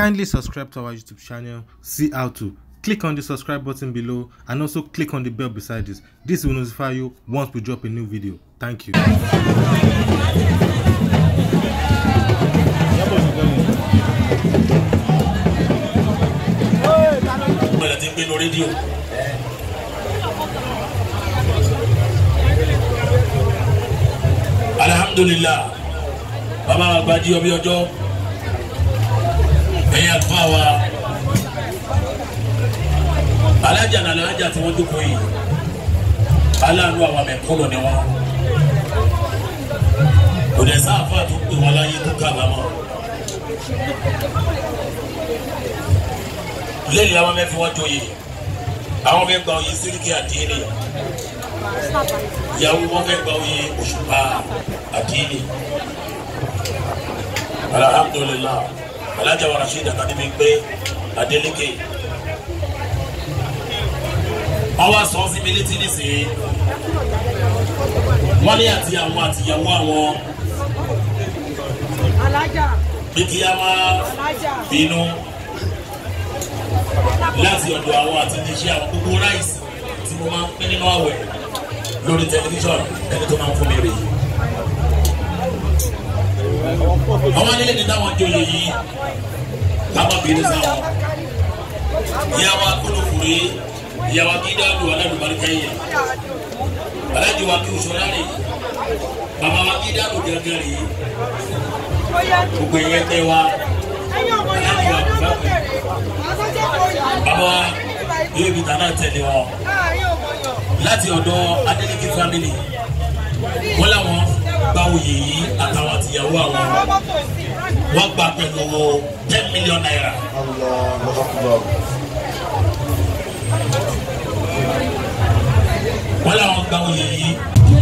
Kindly subscribe to our YouTube channel, see how to. Click on the subscribe button below and also click on the bell beside this. This will notify you once we drop a new video. Thank you. Alhamdulillah, Baba Abaji Obi Ojo ẹ̀yin àgbà wa alájà nàlẹ́ alájà tí wọ́n dúkọ́ yìí aláàánú àwọn mẹ̀kúnnù ni wọ́n kò dẹ̀ sáàfà tó pè wọ́n láyé tó kábàámọ̀ lẹ́yìn làwọn mẹ́fì wọ́n joyè àwọn fẹ́ gba oyè síríkì àdéhìnì ìyàwó wọn fẹ́ gba oyè òṣùpá àdéhìnì alhamdulilayi alájà wa rasheed àtàdébí pé adeleke ọwọ́ sọ sí mi létí nísìnyí wọ́n ní àti àwọn àtìyàwó àwọn bí kí a máa bínú láti ọ̀dọ̀ àwọn àtìjíṣẹ́ àwọn gbogbo ráìsì tí mo máa ń pín nínú àwẹ̀ lórí ẹni tó máa fún mi rèé. àjọyọ̀ yìí kábàbìnrin sáwọn ìyàwó akólófòrè ìyàwó akíndé àdùn aládùbáríkà yìí alájọ wa kí oṣù láre bàbá wa kí dáàbò gángan rè é gbogbo ẹ̀yẹ tẹ wa alájọ wa kí bàbá bàbá wa yóò bí tàná tẹ̀lé wa láti ọ̀dọ̀ Adeleke family wọ́n làwọn gbàwòye yìí àtàwọn àtìyàwó àwọn wọ́n gba pẹ̀lú owó ten million naira. wọ́n làwọn gba oyè yìí.